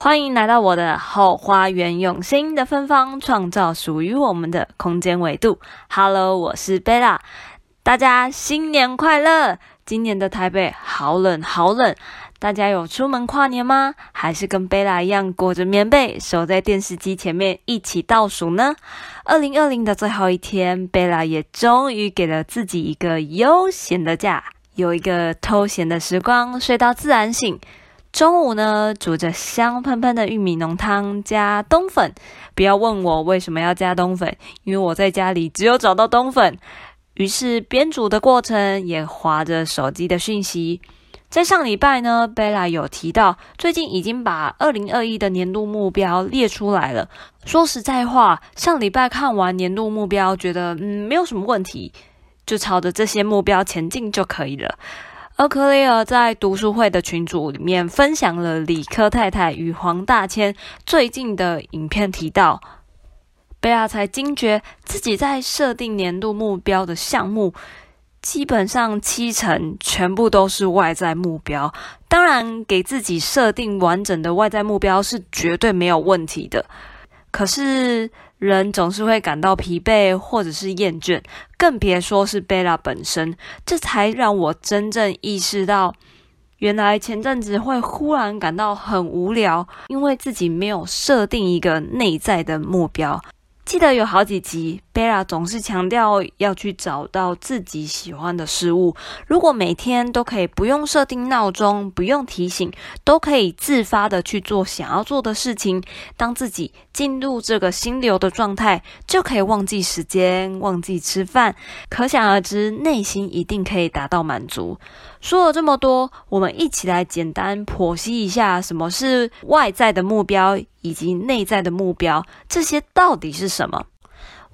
歡迎來到我的 Hoo 花園，用聲音的芬芳創造屬於我們的空間維度。Hello，我是 Bella，大家新年快樂！今年的台北好冷好冷，大家有出門跨年嗎？還是跟 Bella 一樣裹着棉被，守在電視機前面一起倒數呢？二零二零的最後一天，Bella 也終於給了自己一個悠閒的假，有一個偷閒的時光，睡到自然醒。中午呢，煮着香噴噴的玉米濃湯加冬粉。不要問我為什麼要加冬粉，因為我在家裡只有找到冬粉。於是邊煮的過程也滑着手機的訊息。在上禮拜呢，Bella 有提到，最近已經把二零二一的年度目標列出來了。說實在話，上禮拜看完年度目標，覺得嗯沒有什麼問題，就朝着這些目標前進就可以了。而 Clare 在讀書會的群組裡面分享了理科太太與黃大謙最近的影片，提到 Bella 才驚覺自己在設定年度目標的項目，基本上七成全部都是外在目標。當然，給自己設定完整的外在目標是絕對沒有問題的。可是人總是會感到疲憊，或者是厭倦，更別說是貝拉本身。這才讓我真正意識到，原來前陣子會忽然感到很無聊，因為自己沒有設定一個內在的目標。記得有好幾集，貝拉總是強調要去找到自己喜歡的事物。如果每天都可以不用設定鬧鐘、不用提醒，都可以自發的去做想要做的事情，當自己進入這個心流的狀態，就可以忘記時間、忘記吃飯。可想而知，內心一定可以達到滿足。說了這麼多，我們一起來簡單剖析一下什麼是外在的目標以及內在的目標，這些到底是什麼？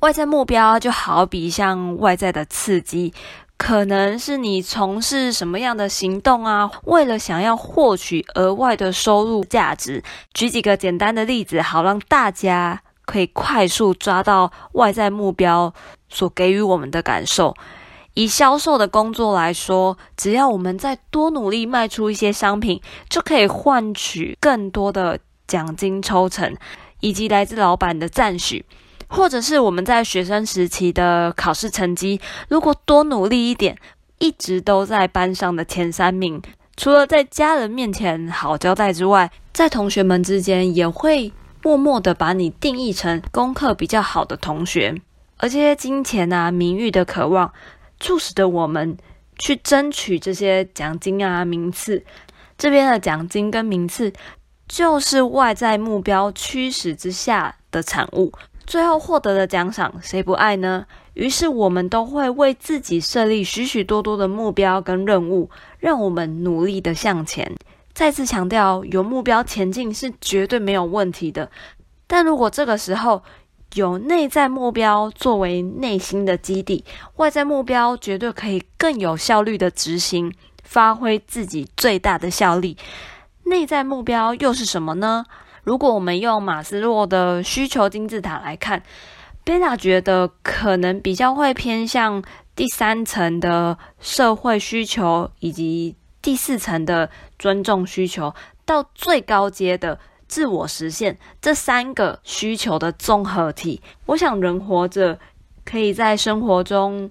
外在目標就好比像外在的刺激，可能是你從事什麼樣的行動啊，為了想要獲取額外的收入價值。舉幾個簡單的例子，好讓大家可以快速抓到外在目標所給予我們的感受。以銷售的工作來說，只要我們再多努力賣出一些商品，就可以換取更多的獎金抽成，以及來自老板的讚許；或者是我們在學生時期的考試成績，如果多努力一點，一直都在班上的前三名，除了在家人面前好交代之外，在同學們之間也會默默的把你定義成功課比較好的同學。而這些金錢啊、名譽的渴望，促使著我們去爭取這些獎金啊、名次，這邊的獎金跟名次就是外在目標驅使之下的產物。最後獲得的獎賞，誰不愛呢？於是我們都會為自己設立許許多多的目標跟任務，讓我們努力的向前。再次強調，有目標前進是絕對沒有問題的。但如果這個時候，有內在目標作為內心的基地，外在目標絕對可以更有效率的執行，發揮自己最大的效力。內在目標又是什麼呢？如果我們用馬斯洛的需求金字塔來看，貝拉、嗯、覺得可能比較會偏向第三層的社會需求，以及第四層的尊重需求，到最高階的。自我實現這三個需求的綜合體，我想人活着，可以在生活中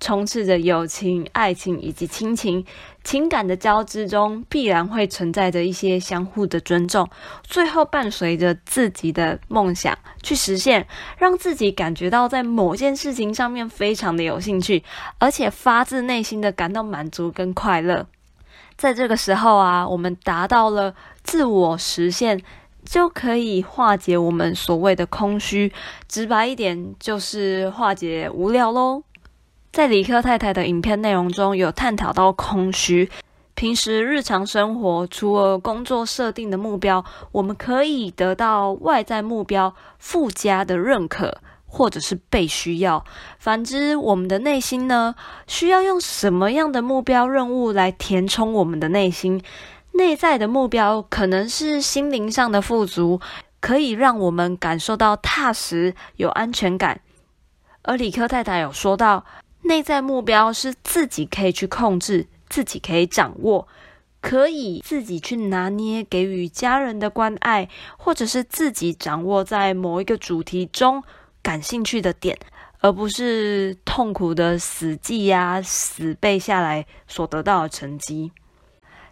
充斥着友情、愛情以及親情，情感的交織中必然會存在着一些相互的尊重，最後伴隨着自己的夢想去實現，讓自己感覺到在某件事情上面非常的有興趣，而且發自內心的感到滿足跟快樂。在這個時候啊，我們達到了自我實現，就可以化解我們所謂的空虛。直白一點，就是化解無聊嘍。在理科太太的影片內容中有探討到空虛，平時日常生活除了工作設定的目標，我們可以得到外在目標附加的認可。或者是被需要。反之，我們的內心呢，需要用什麼樣的目標任務來填充我們的內心？內在的目標可能是心靈上的富足，可以讓我們感受到踏實、有安全感。而理科太太有說到，內在目標是自己可以去控制、自己可以掌握、可以自己去拿捏，給予家人的關愛，或者是自己掌握在某一個主題中。感興趣的點，而不是痛苦的死記呀、啊、死背下來所得到的成績。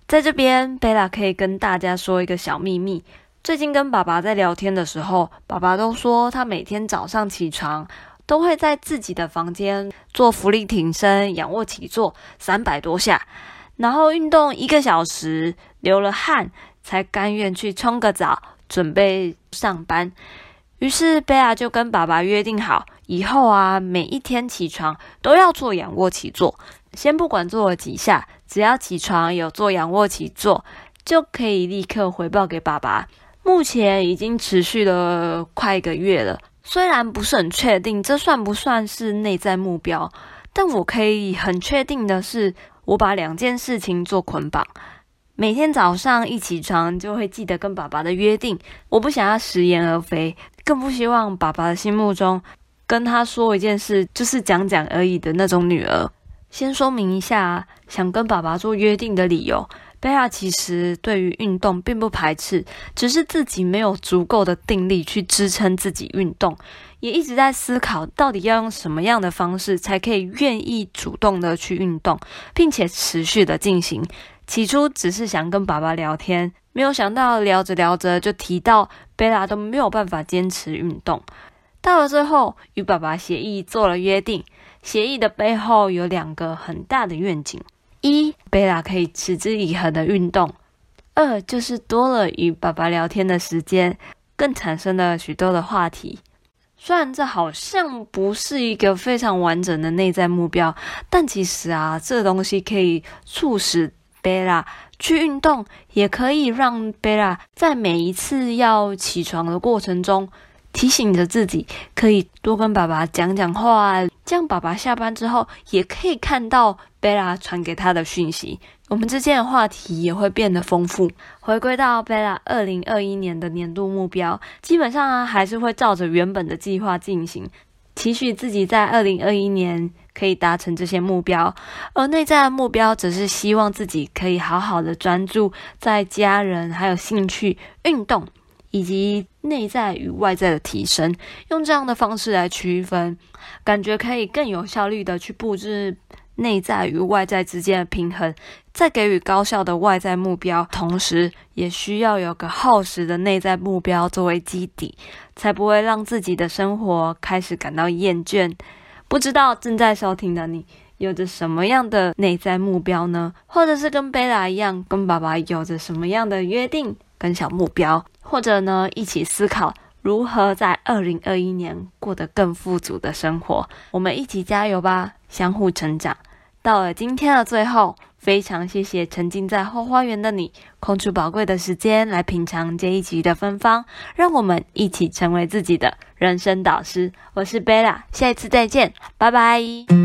在這邊，貝拉可以跟大家說一個小秘密：最近跟爸爸在聊天的時候，爸爸都說他每天早上起床都會在自己的房間做伏地挺身、仰臥起坐三百多下，然後運動一個小時，流了汗才甘願去沖個澡，準備上班。於是 Bella 就跟爸爸約定好，以後啊，每一天起床都要做仰臥起坐，先不管做了幾下，只要起床有做仰臥起坐，就可以立刻回報給爸爸。目前已經持續了快一個月了，雖然不是很確定這算不算是內在目標，但我可以很確定的是，我把兩件事情做捆綁，每天早上一起床就會記得跟爸爸的約定，我不想要食言而肥。更不希望爸爸的心目中跟他說一件事，就是講講而已的那種女兒。先說明一下，想跟爸爸做約定的理由。Bella 其實對於運動並不排斥，只是自己沒有足夠的定力去支撐自己運動，也一直在思考到底要用什麼樣的方式才可以願意主動的去運動，並且持續的進行。起初只是想跟爸爸聊天。沒有想到聊着聊着就提到貝拉都沒有辦法堅持運動，到了最後與爸爸協議做了約定。協議的背後有兩個很大的願景：一，貝拉可以持之以恆的運動；二，就是多了與爸爸聊天的時間，更產生了許多的話題。雖然這好像不是一個非常完整的內在目標，但其實啊，這東西可以促使，貝拉去運動，也可以讓貝拉在每一次要起床的過程中提醒着自己，可以多跟爸爸講講話，啊，這樣爸爸下班之後也可以看到貝拉傳給他的訊息，我們之間的話題也會變得豐富。回歸到貝拉二零二一年的年度目標，基本上、啊、還是會照着原本的計劃進行，期許自己在二零二一年。可以達成這些目標，而內在的目標則是希望自己可以好好的專注在家人、還有興趣、運動，以及內在與外在的提升。用這樣的方式來區分，感覺可以更有效率的去布置內在與外在之間的平衡。再給予高效的外在目標，同時也需要有個踏實的內在目標作為基底，才不會讓自己的生活開始感到厭倦。不知道正在收聽的你，有着什麼樣的內在目標呢？或者是跟貝拉一樣，跟爸爸有着什麼樣的約定跟小目標？或者呢，一起思考如何在2021年過得更富足的生活。我們一起加油吧，相互成長。到了今天的最後。非常謝謝沉浸在 Hoo 花園的你，空出寶貴的時間來品嘗這一集的芬芳，讓我們一起成為自己的人生導師。我是 Bella，下一次再見，拜拜。